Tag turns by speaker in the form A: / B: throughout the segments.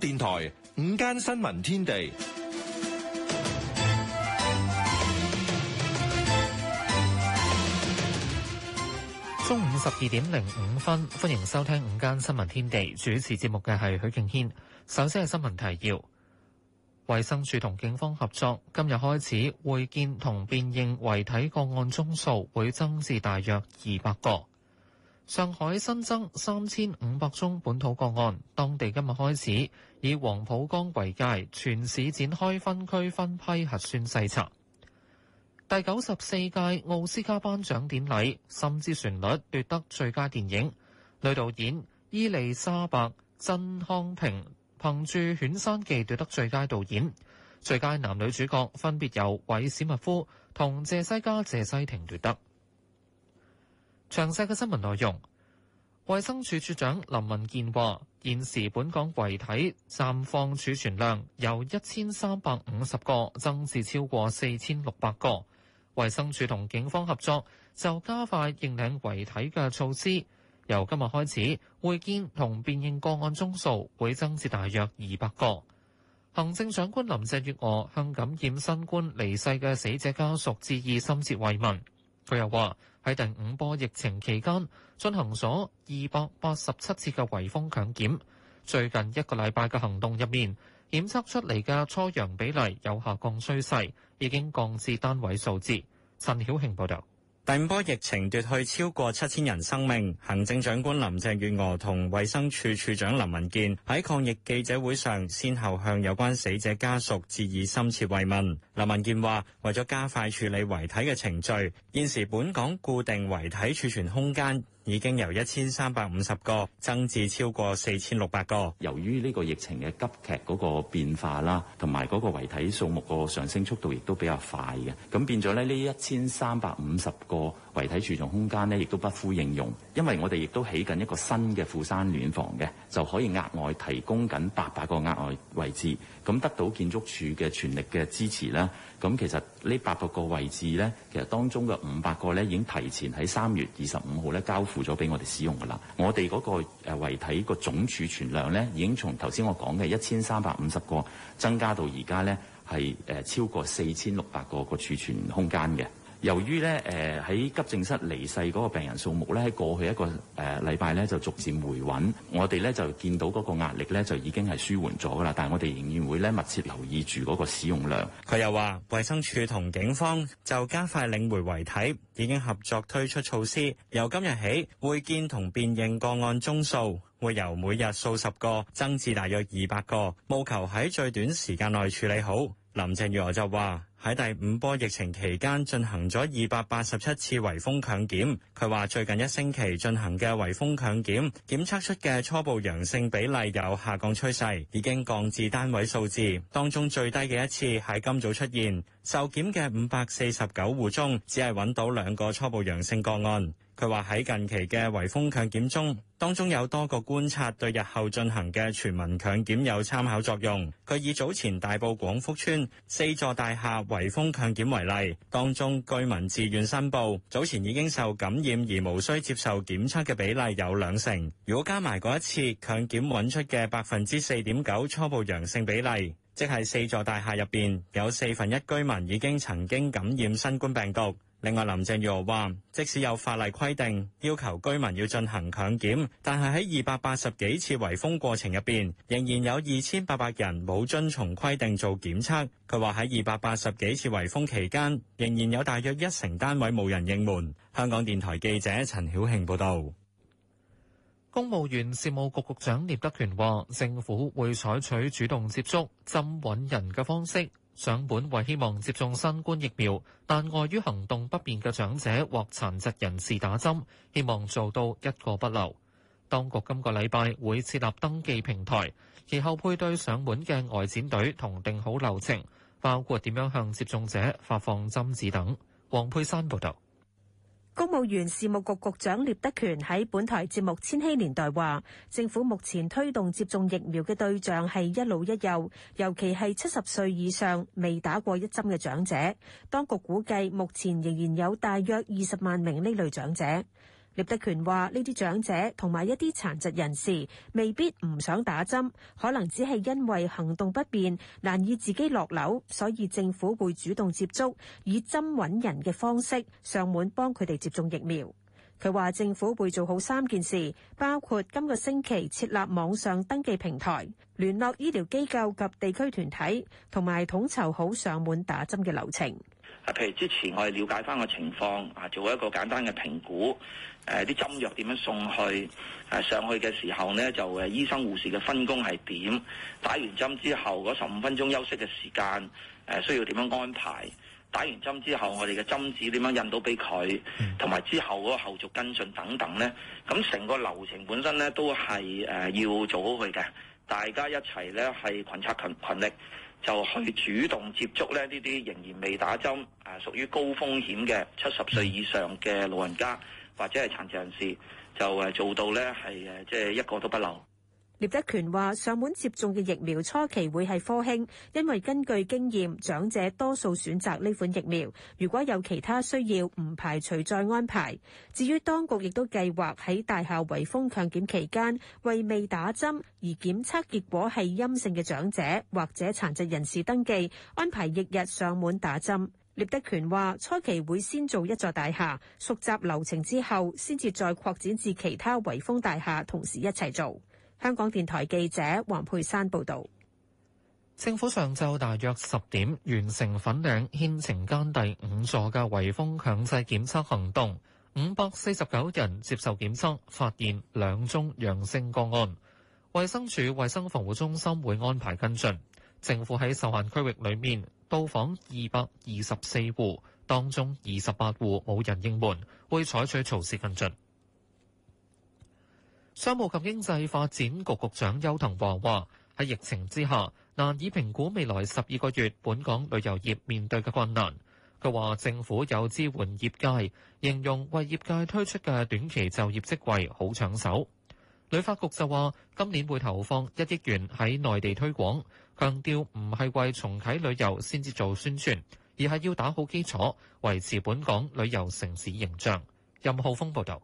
A: 電台
B: 午間新聞天地，中午十二點零五分，歡迎收聽午間新聞天地。主持節目嘅係許敬軒。首先係新聞提要：衛生署同警方合作，今日開始會見同辨認遺體個案宗數會增至大約二百個。上海新增三千五百宗本土個案，當地今日開始以黃浦江為界，全市展開分區分批核酸篩查。第九十四屆奧斯卡頒獎典禮，《心之旋律》奪得最佳電影，女導演伊莉莎白真康平憑住犬山記奪得最佳導演，最佳男女主角分別由韋史密夫同謝西嘉謝西婷奪得。詳細嘅新聞內容，衛生署署長林文健話：現時本港遺體暫放儲存量由一千三百五十個增至超過四千六百個。衛生署同警方合作，就加快認領遺體嘅措施。由今日開始，會見同辨認個案宗數會增至大約二百個。行政長官林鄭月娥向感染新冠離世嘅死者家屬致意深切慰問。佢又話，喺第五波疫情期間進行咗二百八十七次嘅圍封強檢，最近一個禮拜嘅行動入面，檢測出嚟嘅初陽比例有下降趨勢，已經降至單位數字。陳曉慶報道。第五波疫情奪去超過七千人生命，行
C: 政長官林鄭月娥同衛生署署長林文健喺抗疫記者會上，先後向有關死者家屬致以深切慰問。林文健話：為咗加快處理遺體嘅程序，現時本港固定遺體儲存空間。已經由一千三百五十個增至超過四千六百個。由於呢個疫情嘅急劇嗰個變化啦，同埋嗰個遺體數目個上升速度亦都比較快嘅，咁變咗呢一千三百五十個。遺體儲藏空間咧，亦都不敷應用，因為我哋亦都起緊一個新嘅富山暖房嘅，就可以額外提供緊八百個額外位置。咁得到建築署嘅全力嘅支持啦。咁其實呢八百個位置咧，其實當中嘅五百個咧已經提前喺三月二十五號咧交付咗畀我哋使用㗎啦。我哋嗰個誒遺體個總儲存量咧，已經從頭先我講嘅一千三百五十個增加到而家咧係誒超過四千六百個個儲存空間嘅。由於咧誒喺急症室離世嗰個病人數目咧喺過去一個誒禮拜咧就逐漸回穩，我哋咧就見到嗰個壓力咧就已經係舒緩咗㗎啦。但係我哋仍然會咧密切留意住嗰個使用量。佢又話，衛生署同警方就加快領回遺體，已經合作推出措施。由今日起，會見同辨認個案宗數會由每日數十個增至大約二百個，務求喺最短時間內處理好。林鄭月娥就話：喺第五波疫情期間進行咗二百八十七次圍封強檢。佢話最近一星期進行嘅圍封強檢，檢測出嘅初步陽性比例有下降趨勢，已經降至單位數字。當中最低嘅一次喺今早出現，受檢嘅五百四十九戶中，只係揾到兩個初步陽性個案。佢話喺近期嘅圍封強檢中，當中有多個觀察對日後進行嘅全民強檢有參考作用。佢以早前大埔廣福邨四座大廈圍封強檢為例，當中居民自願申報早前已經受感染而無需接受檢測嘅比例有兩成。如果加埋嗰一次強檢揾出嘅百分之四點九初步陽性比例，即係四座大廈入邊有四分一居民已經曾經感染新冠病毒。另外，林鄭月娥話：即使有法例規定要求居民要進行強檢，但係喺二百八十幾次圍封過程入邊，仍然有二千八百人冇遵從規定做檢測。佢話喺二百八十幾次圍封期間，仍然有大約一成單位冇人應門。香港電台記者陳曉慶報道。
B: 公務員事務局局長聶德權話：政府會採取主動接觸、精準揾人嘅方式。上門為希望接種新冠疫苗，但礙於行動不便嘅長者或殘疾人士打針，希望做到一個不漏。當局今個禮拜會設立登記平台，其後配對上門嘅外展隊同定好流程，包括點樣向接種者發放針紙等。黃佩珊報道。
D: 公務員事務局局長聶德權喺本台節目《千禧年代》話，政府目前推動接種疫苗嘅對象係一老一幼，尤其係七十歲以上未打過一針嘅長者。當局估計，目前仍然有大約二十萬名呢類長者。聶德權話：呢啲長者同埋一啲殘疾人士未必唔想打針，可能只係因為行動不便，難以自己落樓，所以政府會主動接觸，以針揾人嘅方式上門幫佢哋接種疫苗。佢話政府會做好三件事，包括今個星期設立網上登記平台，聯絡醫療機構及地區團體，同埋統籌好上門打針嘅流程。
E: 譬如之前
C: 我哋了解翻個情況啊，做一個簡單嘅評估。誒啲針藥點樣送去？誒上去嘅時候呢，就誒醫生護士嘅分工係點？打完針之後嗰十五分鐘休息嘅時間，誒需要點樣安排？打完針之後，我哋嘅針紙點樣印到俾佢？同埋之後嗰個後續跟進等等呢，咁成個流程本身呢，都係誒要做好佢嘅，大家一齊呢，係群策群、群力，就去主動接觸呢呢啲仍然未打針啊，屬於高風險嘅七十歲以上嘅老人家。或者係殘疾人士就誒做到咧，係誒即係一個都不留。
D: 聶德權話：上門接種嘅疫苗初期會係科興，因為根據經驗，長者多數選擇呢款疫苗。如果有其他需要，唔排除再安排。至於當局亦都計劃喺大廈圍封強檢期間，為未打針而檢測結果係陰性嘅長者或者殘疾人士登記，安排翌日上門打針。聶德權話：初期會先做一座大廈，熟習流程之後，先至再擴展至其他圍封大廈，同時一齊做。香港電台記者黃佩珊報道。
B: 政府上晝大約十點完成粉嶺牽晴間第五座嘅圍封強制檢測行動，五百四十九人接受檢測，發現兩宗陽性個案，衛生署衛生防護中心會安排跟進。政府喺受限區域裏面到訪二百二十四戶，當中二十八戶冇人應門，會採取措施跟進。商務及經濟發展局局長邱騰華話：喺疫情之下，難以評估未來十二個月本港旅遊業面對嘅困難。佢話政府有支援業界，形容為業界推出嘅短期就業職位好搶手。旅發局就話今年會投放一億元喺內地推廣。強調唔係為重啟旅遊先至做宣傳，而係要打好基礎，維
F: 持本港旅遊城市形象。任浩峰報導。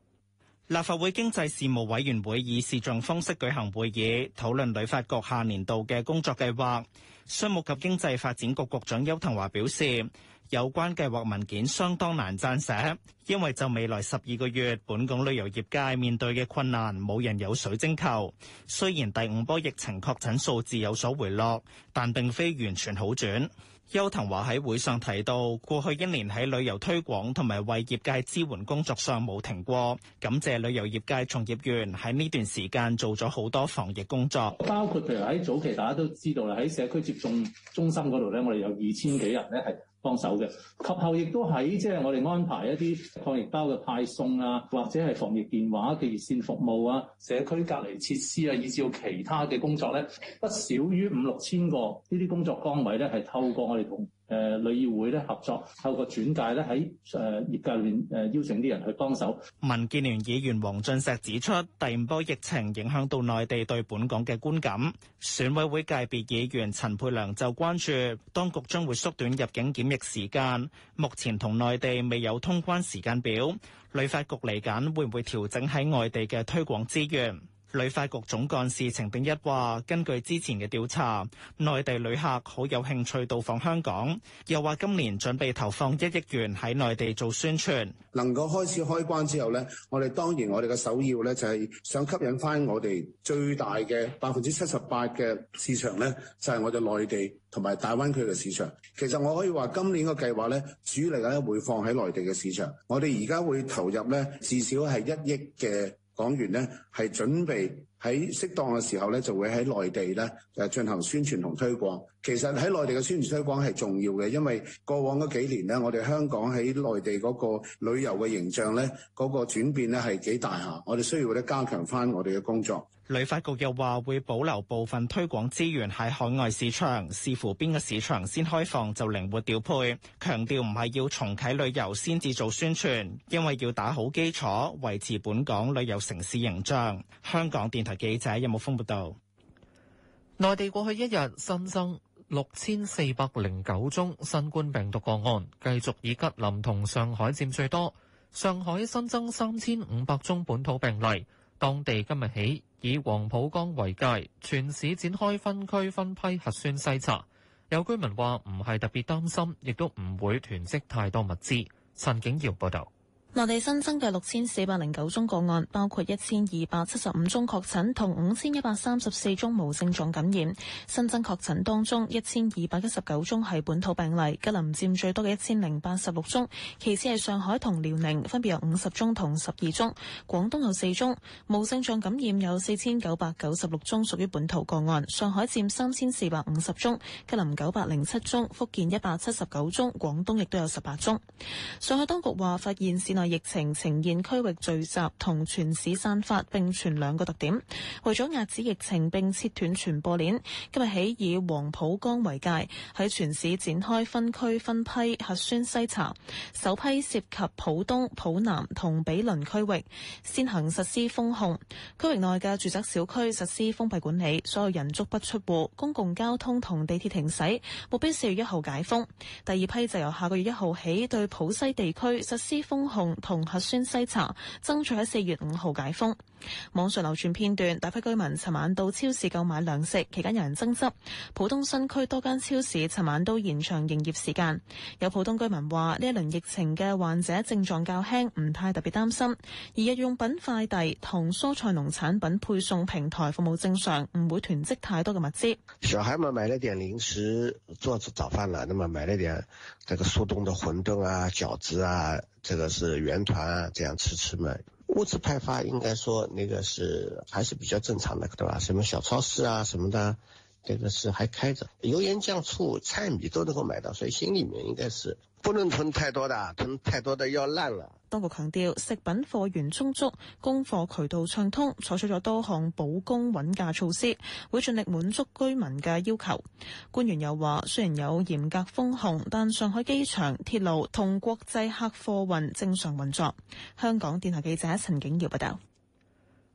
F: 立法會經濟事務委員會以視像方式舉行會議，討論旅發局下年度嘅工作計劃。商務及經濟發展局局長邱騰華表示。有關計劃文件相當難撰寫，因為就未來十二個月，本港旅遊業界面對嘅困難冇人有水晶球。雖然第五波疫情確診數字有所回落，但並非完全好轉。邱騰華喺會上提到，過去一年喺旅遊推廣同埋為業界支援工作上冇停過，感謝旅遊業界從業員喺呢段時間做咗好多防疫工作，包括譬如喺
B: 早期大家都知道啦，喺社區接種中心嗰度咧，我哋有二千幾人咧係。幫手嘅，及後亦都喺即係我哋安排一啲抗疫包嘅派送啊，或者係防疫電話嘅熱線服務啊，社區隔離設施啊，以至到其他嘅工作咧，不少於五六千
A: 個呢啲工作崗位咧，係透過我哋同。誒旅議會咧合作，透過轉介咧
C: 喺
F: 誒業界裏誒邀請啲人去幫手。民建聯議員王俊石指出，第五波疫情影響到內地對本港嘅觀感。選委會界別議員陳佩良就關注，當局將會縮短入境檢疫時間，目前同內地未有通關時間表，旅發局嚟緊會唔會調整喺外地嘅推廣資源？旅發局總幹事程炳一話，根據之前嘅調查，內地旅客好有興趣到訪香港。又話今年準備投放一億元喺內地做宣傳。能夠開始開關之後呢，我哋當然我哋嘅首要呢就係想吸引翻我哋最大嘅百分之七十八嘅市場呢，就係我
A: 哋內地同埋大灣區嘅市場。其實我可以話今年嘅計劃呢，主力咧會放喺內地嘅市場。我哋而家會投入呢至少係一億嘅。港員咧係準備喺適當嘅時候咧，就會喺內地咧就進行宣傳同推廣。其實喺內地嘅宣傳推廣係重要嘅，因為過往嗰幾年咧，我哋香港喺內地嗰個旅遊嘅形象咧，嗰個轉變咧係幾大下，我哋需要咧加
F: 強翻我哋嘅工作。旅發局又話會保留部分推廣資源喺海外市場，視乎邊個市場先開放就靈活調配。強調唔係要重啟旅遊先至做宣傳，因為要打好基礎，維持本港旅遊城市形象。香港電台記者任武峰報道，
B: 內地過去一日新增六千四百零九宗新冠病毒個案，繼續以吉林同上海佔最多。上海新增三千五百宗本土病例。當地今日起以黃浦江為界，全市展開分區分批核酸篩查。有居民話：唔係特別擔心，亦都唔會囤積太多物資。陳景耀報道。
G: 內地新增嘅六千四百零九宗個案，包括一千二百七十五宗確診同五千一百三十四宗無症狀感染。新增確診當中，一千二百一十九宗係本土病例，吉林佔最多嘅一千零八十六宗，其次係上海同遼寧，分別有五十宗同十二宗，廣東有四宗。無症狀感染有四千九百九十六宗屬於本土個案，上海佔三千四百五十宗，吉林九百零七宗，福建一百七十九宗，廣東亦都有十八宗。上海當局話發現市內疫情呈現區域聚集同全市散發並存兩個特點，為咗遏止疫情並切斷傳播鏈，今日起以黃浦江為界，喺全市展開分區分批核酸篩查。首批涉及浦東、浦南同毗鄰區域，先行實施封控，區域內嘅住宅小區實施封閉管理，所有人足不出戶，公共交通同地鐵停駛，目標四月一號解封。第二批就由下個月一號起對浦西地區實施封控同核酸篩查爭取喺四月五號解封。網上流傳片段，大批居民尋晚到超市購買糧食，期間有人爭執。浦東新區多間超市尋晚都延長營業時間。有浦東居民話：呢一輪疫情嘅患者症狀較輕，唔太特別擔心。而日用品快遞同蔬菜農產品配送平台服務正常，唔會囤積太多嘅物資。
F: 小孩們買了點零食做早飯了，那麼買了點這個速凍的餛飩啊、餃子啊，這個是圓團啊，這樣吃吃嘛。物資派發應該說那個是，還是比較正常的，對吧？什麼小超市啊，什麼的。這個是還開着，油鹽醬醋菜米都能夠買到，所以心裏面應該是不能囤太多的，囤太多的要爛了。
G: 當局強調，食品貨源充足，供貨渠道暢通，採取咗多項保供穩價措施，會盡力滿足居民嘅要求。官員又話，雖然有嚴格封控，但上海機場、鐵路同國際客貨運正常運作。香港電台記者陳景耀報道。啊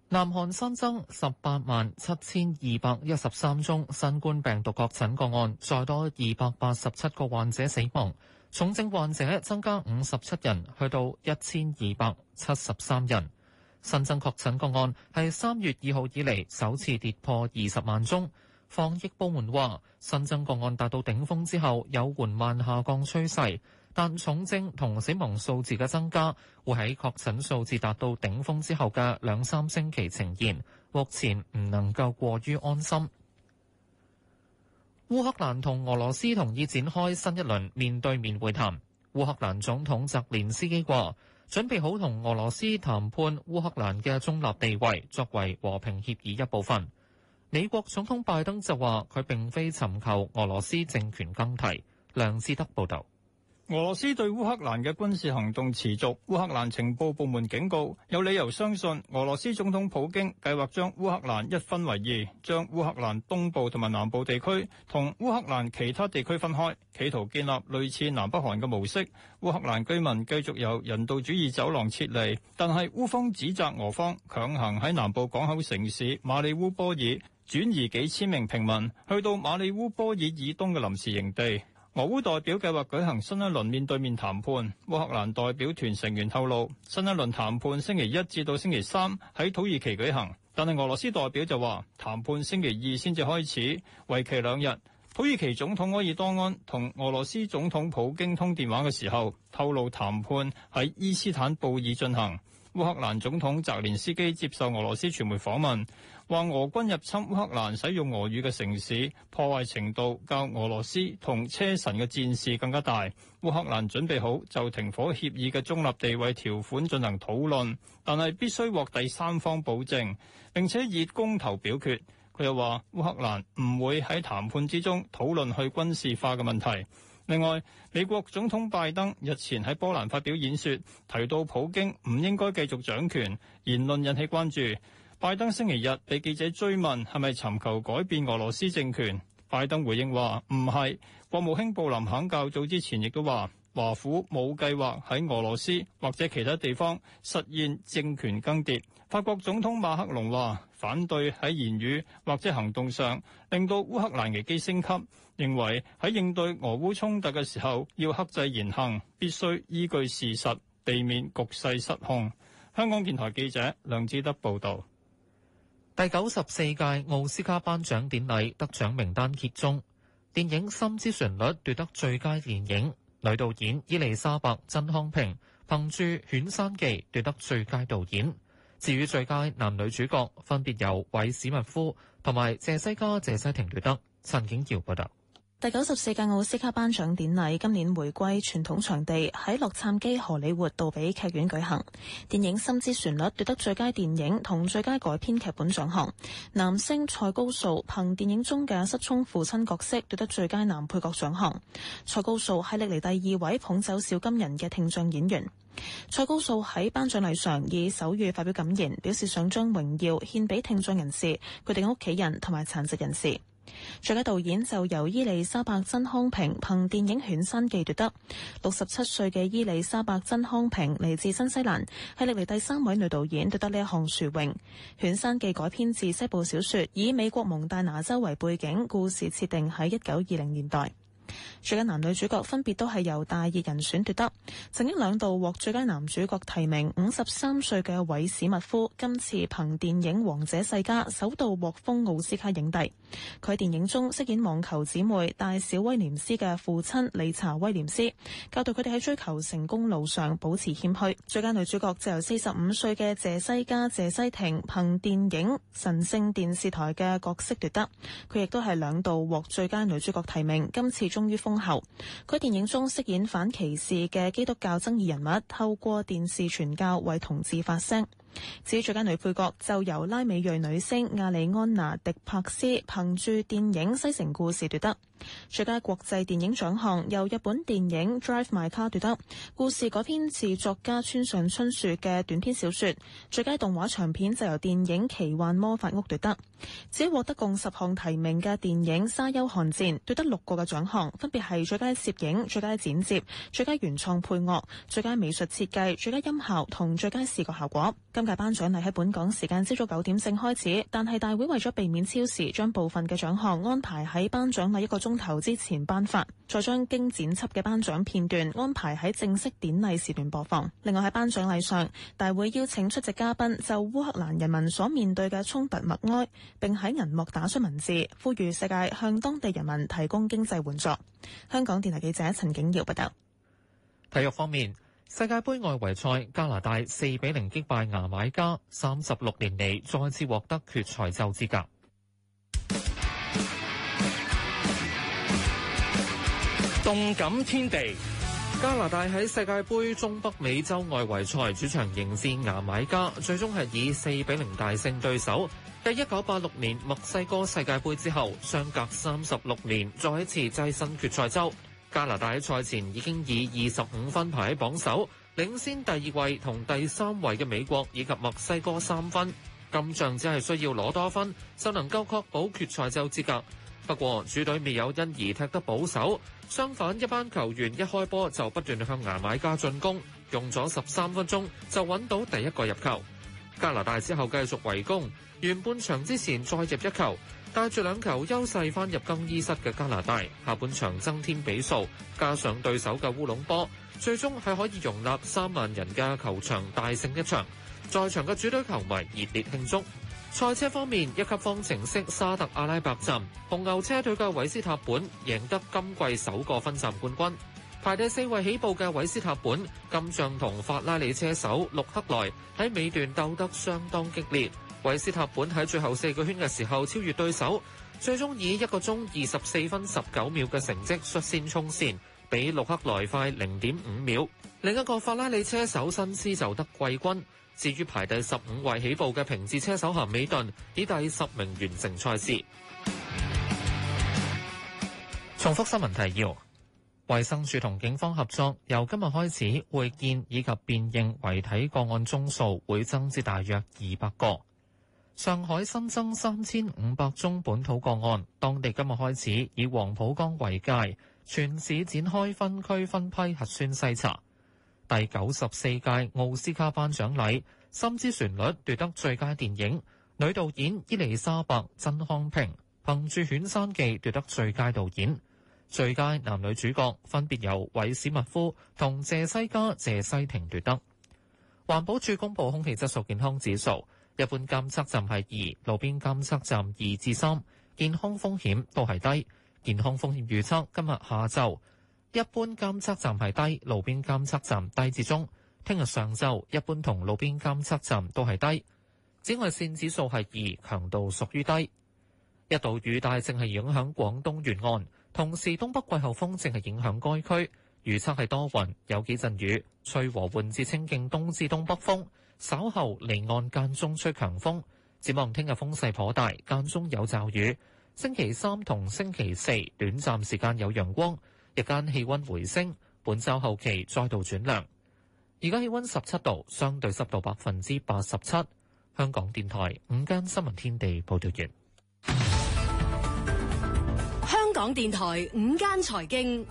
B: 南韓新增十八萬七千二百一十三宗新冠病毒確診個案，再多二百八十七個患者死亡，重症患者增加五十七人，去到一千二百七十三人。新增確診個案係三月二號以嚟首次跌破二十萬宗。防疫部門話，新增個案達到頂峰之後，有緩慢下降趨勢。但重症同死亡數字嘅增加會喺確診數字達到頂峰之後嘅兩三星期呈現，目前唔能夠過於安心。烏克蘭同俄羅斯同意展開新一輪面對面會談。烏克蘭總統澤連斯基話，準備好同俄羅斯談判烏克蘭嘅中立地位，作為和平協議一部分。美國總統拜登就話，佢並非尋求俄羅斯政權更替。梁志德報道。
E: 俄羅斯對烏克蘭嘅軍事行動持續。烏克蘭情報部門警告，有理由相信俄羅斯總統普京計劃將烏克蘭一分為二，將烏克蘭東部同埋南部地區同烏克蘭其他地區分開，企圖建立類似南北韓嘅模式。烏克蘭居民繼續由人道主義走廊撤離，但係烏方指責俄方強行喺南部港口城市馬里烏波爾轉移幾千名平民去到馬里烏波爾以東嘅臨時營地。俄烏代表計劃舉行新一輪面對面談判，烏克蘭代表團成員透露，新一輪談判星期一至到星期三喺土耳其舉行，但係俄羅斯代表就話談判星期二先至開始，為期兩日。土耳其總統埃爾多安同俄羅斯總統普京通電話嘅時候透露，談判喺伊斯坦布爾進行。烏克蘭總統澤連斯基接受俄羅斯傳媒訪問，話俄軍入侵烏克蘭使用俄語嘅城市破壞程度，較俄羅斯同車臣嘅戰事更加大。烏克蘭準備好就停火協議嘅中立地位條款進行討論，但係必須獲第三方保證，並且以公投表決。佢又話烏克蘭唔會喺談判之中討論去軍事化嘅問題。另外，美國總統拜登日前喺波蘭發表演說，提到普京唔應該繼續掌權，言論引起關注。拜登星期日被記者追問係咪尋求改變俄羅斯政權，拜登回應話唔係。國務卿布林肯較早之前亦都話，華府冇計劃喺俄羅斯或者其他地方實現政權更迭。法國總統馬克龍話反對喺言語或者行動上令到烏克蘭危機升級。認為喺應對俄烏衝突嘅時候，要克制言行，必須依據事實，避免局勢失控。香港電台記者梁志德報導。
B: 第九十四屆奧斯卡頒獎典禮得獎名單揭盅，電影《心之旋律》奪得最佳電影，女導演伊麗莎白真康平憑住《犬山記》奪得最佳導演。至於最佳男女主角，分別由韋史密夫同埋謝西嘉謝西婷奪得。陳景耀報導。
G: 第九十四屆奧斯卡頒獎典禮今年回歸傳統場地，喺洛杉磯荷里活杜比劇院舉行。電影《心之旋律》奪得最佳電影同最佳改編劇本獎項。男星蔡高素憑電影中嘅失聰父親角色奪得最佳男配角獎項。蔡高素係歷來第二位捧走小金人嘅聽障演員。蔡高素喺頒獎禮上以手語發表感言，表示想將榮耀獻俾聽障人士、佢哋嘅屋企人同埋殘疾人士。最佳導演就由伊麗莎白·珍康平憑電影《犬山記》奪得。六十七歲嘅伊麗莎白·珍康平嚟自新西蘭，係歷來第三位女導演奪得呢一項殊榮。《犬山記》改編自西部小說，以美國蒙大拿州為背景，故事設定喺一九二零年代。最佳男女主角分別都係由大熱人選奪得，曾經兩度獲最佳男主角提名，五十三歲嘅韋史密夫今次憑電影《王者世家》首度獲封奧斯卡影帝。佢喺電影中飾演網球姊妹大小威廉斯嘅父親理查威廉斯，教導佢哋喺追求成功路上保持謙虛。最佳女主角就由四十五歲嘅謝西嘉謝西廷憑電影《神聖電視台》嘅角色奪得，佢亦都係兩度獲最佳女主角提名，今次，終於封后。佢電影中飾演反歧視嘅基督教爭議人物，透過電視傳教為同志發聲。至於最佳女配角就由拉美裔女星亞莉安娜迪帕斯憑住電影《西城故事》奪得。最佳國際電影獎項由日本電影《Drive My Car》奪得，故事改編自作家村上春樹嘅短篇小說。最佳動畫長片就由電影《奇幻魔法屋》奪得。只獲得共十項提名嘅電影《沙丘寒戰》奪得六個嘅獎項，分別係最佳攝影、最佳剪接、最佳原創配樂、最佳美術設計、最佳音效同最佳視覺效果。今屆頒獎禮喺本港時間朝早九點正開始，但係大會為咗避免超時，將部分嘅獎項安排喺頒獎禮一個。鐘頭之前頒發，再將經剪輯嘅頒獎片段安排喺正式典禮時段播放。另外喺頒獎禮上，大會邀請出席嘉賓就烏克蘭人民所面對嘅衝突默哀，並喺銀幕打出文字，呼籲世界向當地人民提供經濟援助。香港電台記者陳景耀報道。
B: 體育方面，世界杯外圍賽，加拿大四比零擊敗牙買加，三十六年嚟，再次獲得決賽周資格。動感天地，加拿大喺世界杯中北美洲外圍賽主場迎戰牙買加，最終係以四比零大勝對手。繼一九八六年墨西哥世界杯之後，相隔三十六年再一次躋身決賽周。加拿大喺賽前已經以二十五分排喺榜首，領先第二位同第三位嘅美國以及墨西哥三分，咁樣只係需要攞多分就能夠確保決賽周資格。不過主隊未有因而踢得保守，相反一班球員一開波就不斷向牙買加進攻，用咗十三分鐘就揾到第一個入球。加拿大之後繼續圍攻，完半場之前再入一球，帶住兩球優勢翻入更衣室嘅加拿大，下半場增添比數，加上對手嘅烏龍波，最終係可以容納三萬人嘅球場大勝一場，在場嘅主隊球迷熱烈慶祝。賽車方面，一級方程式沙特阿拉伯站，紅牛車隊嘅韋斯塔本贏得今季首個分站冠軍。排第四位起步嘅韋斯塔本，金像同法拉利車手陸克萊喺尾段鬥得相當激烈。韋斯塔本喺最後四個圈嘅時候超越對手，最終以一個鐘二十四分十九秒嘅成績率先衝線，比陸克萊快零點五秒。另一個法拉利車手辛斯就得季軍。至於排第十五位起步嘅平治車手咸美頓，以第十名完成賽事。重複新聞提要：衛生署同警方合作，由今日開始，會見以及辨認遺體個案宗數會增至大約二百個。上海新增三千五百宗本土個案，當地今日開始以黃浦江為界，全市展開分區分批核酸篩查。第九十四屆奧斯卡頒獎禮，《心之旋律》奪得最佳電影，女導演伊麗莎白曾康平憑住《犬山記》奪得最佳導演，最佳男女主角分別由韋史密夫同謝西嘉、謝西廷奪得。環保署公布空氣質素健康指數，一般監測站係二，路邊監測站二至三，健康風險都係低，健康風險預測今日下晝。一般監測站係低，路邊監測站低至中。聽日上晝，一般同路邊監測站都係低。紫外線指數係二，強度屬於低。一度雨帶正係影響廣東沿岸，同時東北季候風正係影響該區。預測係多雲，有幾陣雨，吹和緩至清勁東至東北風。稍後離岸間中吹強風，展望聽日風勢頗大，間中有驟雨。星期三同星期四短暫時間有陽光。日間氣溫回升，本周後期再度轉涼。而家氣溫十七度，相對濕度百分之八十七。香港電台午間新聞天地報道完。
H: 香港電台午間財經，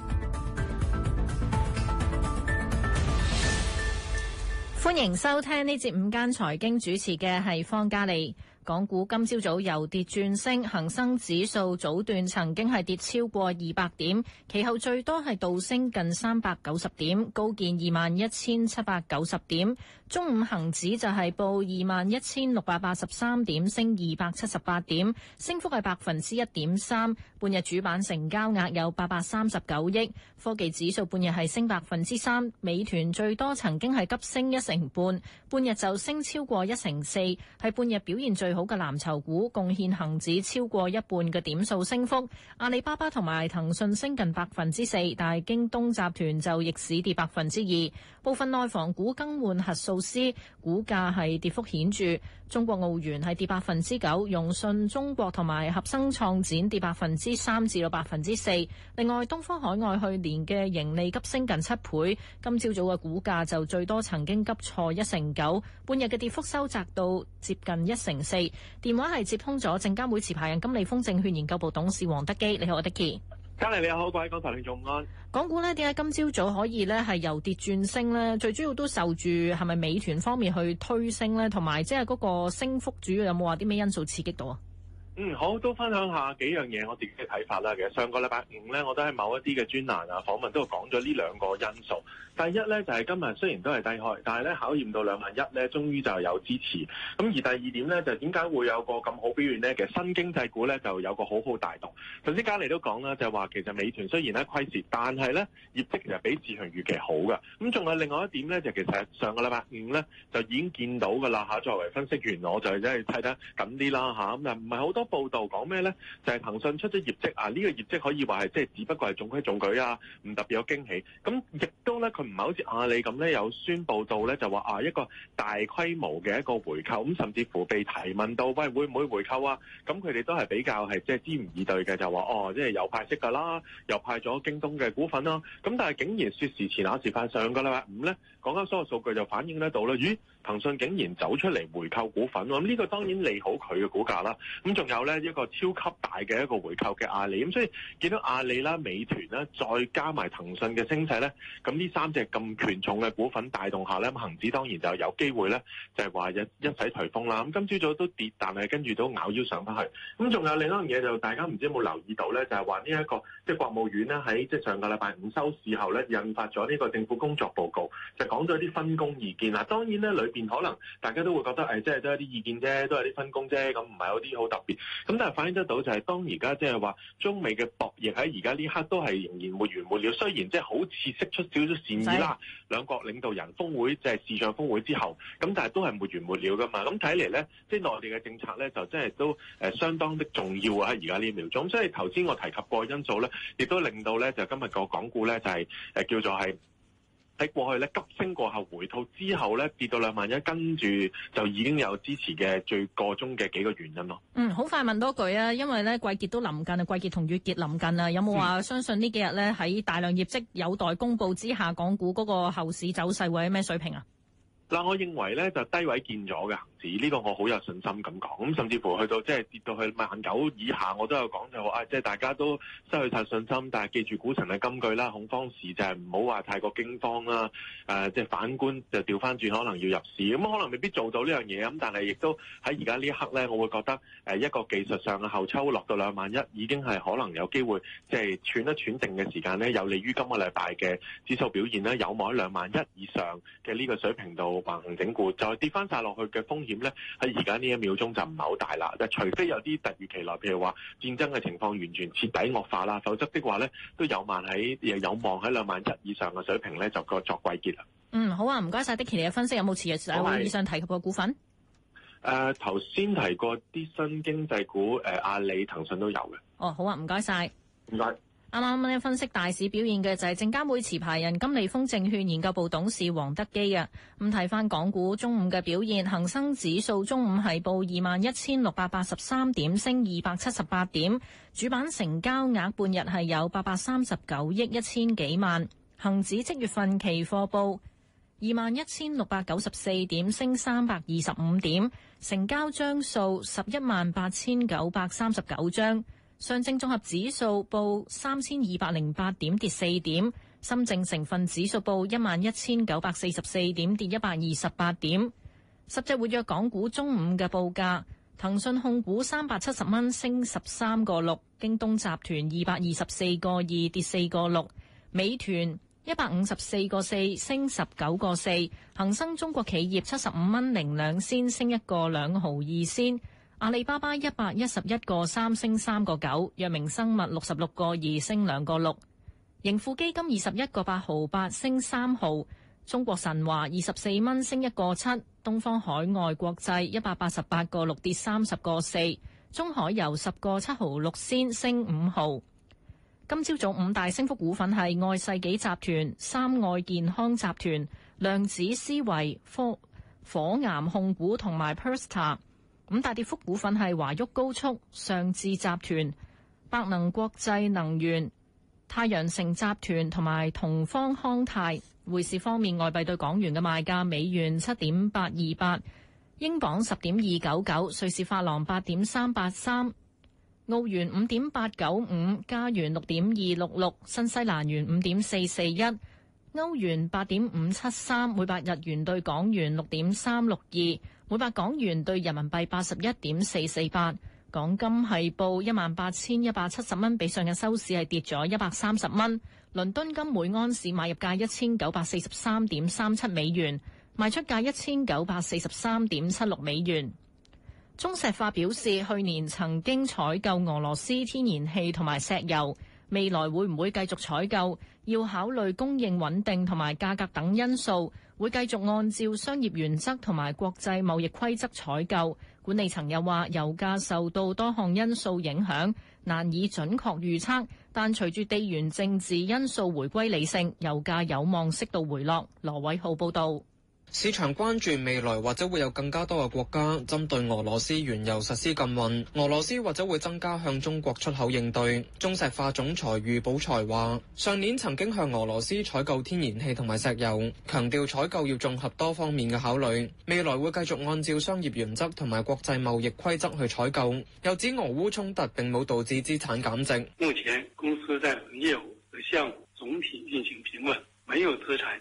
H: 歡迎收聽呢節午間財經，主持嘅係方嘉利。港股今朝早由跌轉升，恒生指數早段曾經係跌超過二百點，其後最多係倒升近三百九十點，高見二萬一千七百九十點。中午恒指就係報二萬一千六百八十三點，升二百七十八點，升幅係百分之一點三。半日主板成交額有八百三十九億，科技指數半日係升百分之三，美團最多曾經係急升一成半，半日就升超過一成四，係半日表現最。好嘅藍籌股貢獻恒指超過一半嘅點數升幅，阿里巴巴同埋騰訊升近百分之四，但係京東集團就逆市跌百分之二，部分內房股更換核數師，股價係跌幅顯著。中國奧園係跌百分之九，融信中國同埋合生創展跌百分之三至到百分之四。另外，東方海外去年嘅盈利急升近七倍，今朝早嘅股價就最多曾經急挫一成九，半日嘅跌幅收窄到接近一成四。電話係接通咗證監會持牌人金利豐證券研究部董事黃德基，你好，阿德基。
A: 嘉麗你好，各位港台聽眾午安。
H: 港股咧，點解今朝早，早可以咧係由跌轉升咧？最主要都受住係咪美團方面去推升咧？同埋即係嗰個升幅，主要有冇話啲咩因素刺激到
A: 啊？嗯，好，都分享下幾樣嘢我自己嘅睇法啦。其實上個禮拜五咧，我都喺某一啲嘅專欄啊訪問都講咗呢兩個因素。第
H: 一咧就係、是、今日
A: 雖然都係低開，但係咧考驗到兩萬一咧，終於就有支持。咁而第二點咧就點解會有個咁好表現咧？其實新經濟股咧就有個好好大動。頭先嘉莉都講啦，就係、是、話其實美團雖然咧虧蝕，但係咧業績其實比市場預期好嘅。咁仲有另外一點咧，就是、其實上個禮拜五咧就已經見到㗎啦嚇。作為分析員，我就真係睇得緊啲啦嚇。咁、啊、但唔係好多報道講咩咧？就係騰訊出咗業績啊，呢、這個業績可以話係即係只不過係中規中矩啊，唔特別有驚喜。咁亦都咧佢。唔係好似阿里咁咧，有宣佈到咧就話啊一個大規模嘅一個回購，咁甚至乎被提問到喂會唔會回購啊？咁佢哋都係比較係即係支吾以對嘅，就話、是、哦即係又派息噶啦，又派咗京東嘅股份啦。咁但係竟然説時遲那時快上個禮拜五咧，講緊所有數據就反映得到咧，咦？騰訊竟然走出嚟回購股份，我、這、呢個當然利好佢嘅股價啦。咁仲有呢一個超級大嘅一個回購嘅阿里，咁所以見到阿里啦、美團啦，再加埋騰訊嘅升勢呢，咁呢三隻咁權重嘅股份帶動下呢，恆指當然就有機會呢，就係話引一洗颶風啦。咁今朝早都跌，但係跟住都咬腰上返去。咁仲有另一樣嘢就大家唔知有冇留意到呢，就係話呢一個即係、就是、國務院呢，喺即係上個禮拜五收市後呢，印發咗呢個政府工作報告，就講咗啲分工意見啦。當然呢。可能大家都會覺得誒、哎，即係都係啲意見啫，都係啲分工啫，咁唔係有啲好特別。咁但係反映得到就係、是、當而家即係話中美嘅博弈喺而家呢刻都係仍然沒完沒了。雖然即係好似釋出少少善意啦，的兩國領導人峰會即係視像峰會之後，咁但係都係沒完沒了噶嘛。咁睇嚟咧，即係內地嘅政策咧，就真係都誒相當的重要啊！喺而家呢一秒鐘，所以頭先我提及個因素咧，亦都令到咧就今日個港股咧就係、是、誒叫做係。喺過去咧，急升過後回吐之後咧，跌到兩萬一，跟住就已經有支持嘅最個中嘅幾個原因咯。嗯，
H: 好快問多句啊，因為咧季結都臨近啊，季結同月結臨近啊，有冇話是相信呢幾日咧喺大量業績有待公佈之下，港股嗰個後市走勢會係咩水平啊？
A: 嗱、嗯，我認為咧就低位見咗噶。呢個我好有信心咁講，咁甚至乎去到即係、就是、跌到去萬九以下，我都有講就話啊，即、就、係、是、大家都失去晒信心，但係記住股神嘅金句啦，恐慌時就係唔好話太過驚慌啦。誒、啊，即、就、係、是、反觀就調翻轉，可能要入市，咁、啊、可能未必做到呢樣嘢，咁、啊、但係亦都喺而家呢一刻呢，我會覺得誒、啊、一個技術上嘅後抽落到兩萬一已經係可能有機會，即係喘一喘定嘅時間呢，有利於今個禮拜嘅指數表現呢，有望喺兩萬一以上嘅呢個水平度橫行整固，再跌翻晒落去嘅風險。咁咧喺而家呢一秒鐘就唔係好大啦，但、嗯、除非有啲突如其來，譬如話戰爭嘅情況完全徹底惡化啦，否則的話咧都有慢喺，亦有望喺兩萬一以上嘅水平咧就個作季結啦。
H: 嗯，好啊，唔該晒 Dickie 你嘅分析有冇持有兩萬是以上提及嘅股份？
A: 誒頭先提過啲新經濟股，誒阿里、騰訊都有嘅。
H: 哦，好啊，唔該晒。唔該。啱啱咧分析大市表現嘅就係證監會持牌人金利豐證券研究部董事黃德基嘅啊。咁睇翻港股中午嘅表現，恒生指數中午係報二萬一千六百八十三點，升二百七十八點，主板成交額半日係有八百三十九億一千幾萬。恒指即月份期貨報二萬一千六百九十四點，升三百二十五點，成交張數十一萬八千九百三十九張。上證綜合指數報三千二百零八點，跌四點；深證成分指數報一萬一千九百四十四點，跌一百二十八點。十隻活躍港股中午嘅報價：騰訊控股三百七十蚊升十三個六，京東集團二百二十四個二跌四個六，美團一百五十四個四升十九個四，恒生中國企業七十五蚊零兩仙升一個兩毫二仙。阿里巴巴一百一十一個三升三個九，藥明生物六十六個二升兩個六，盈富基金二十一個八毫八升三毫，中國神華二十四蚊升一個七，東方海外國際一百八十八個六跌三十個四，中海油十個七毫六仙升五毫。今朝早五大升幅股份係愛世紀集團、三愛健康集團、量子思維、科火，火岩控股同埋 Persta。咁大跌幅股份係華旭高速、上智集團、百能國際能源、太陽城集團同埋同方康泰。匯市方面，外幣對港元嘅賣價：美元七點八二八，英鎊十點二九九，瑞士法郎八點三八三，澳元五點八九五，加元六點二六六，新西蘭元五點四四一。歐元八點五七三，每百日元對港元六點三六二，每百港元對人民幣八十一點四四八。港金係報一萬八千一百七十蚊，比上日收市係跌咗一百三十蚊。倫敦金每安士買入價一千九百四十三點三七美元，賣出價一千九百四十三點七六美元。中石化表示，去年曾經採購俄羅斯天然氣同埋石油。未來會唔會繼續採購？要考慮供應穩定同埋價格等因素，會繼續按照商業原則同埋國際貿易規則採購。管理層又話，油價受到多項因素影響，難以準確預測，但隨住地緣政治因素回歸理性，油價有望適度回落。羅偉浩報導。
I: 市場關注未來或者會有更加多嘅國家針對俄羅斯原油實施禁運，俄羅斯或者會增加向中國出口應對。中石化總裁俞寶才話：上年曾經向俄羅斯採購天然氣同埋石油，強調採購要綜合多方面嘅考慮，未來會繼續按照商業原則同埋國際貿易規則去採購。又指俄烏衝突並冇導致資產減值。
A: 目前公司在營業務和項目總體運行平穩，沒有資產。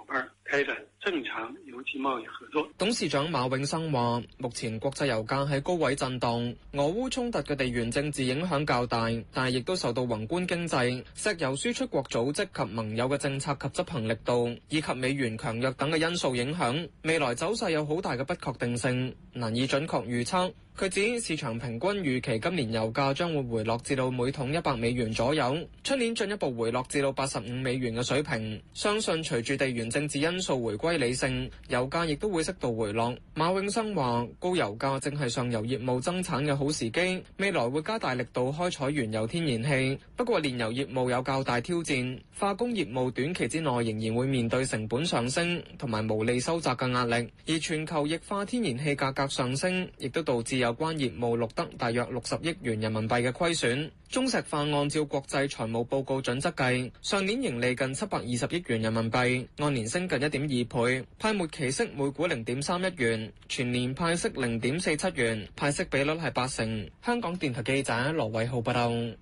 A: 開展正常油氣貿易合
I: 作。董事長馬永生話，目前國際油價喺高位震盪，俄烏衝突嘅地緣政治影響較大，但係亦都受到宏觀經濟、石油輸出國組織及盟友嘅政策及執行力度，以及美元強弱等嘅因素影響，未來走勢有好大嘅不確定性，難以準確預測。佢指市場平均預期今年油價將會回落至到每桶一百美元左右，出年進一步回落至到八十五美元嘅水平。相信隨住地緣政治政治因素回歸理性，油價亦都會適度回落。馬永生話高油價正係上游業務增產嘅好時機，未來會加大力度開採原油天然氣，不過煉油業務有較大挑戰，化工業務短期之內仍然會面對成本上升同埋無利收窄嘅壓力。而全球液化天然氣價格上升，亦都導致有關業務錄得大約六十億元人民幣嘅虧損。中石化按照國際財務報告準則計，上年盈利近七百二十億元人民幣，按年升近一點二倍，派末期息每股零點三一元，全年派息零點四七元，派息比率係八成。香港電台記者羅偉浩報道。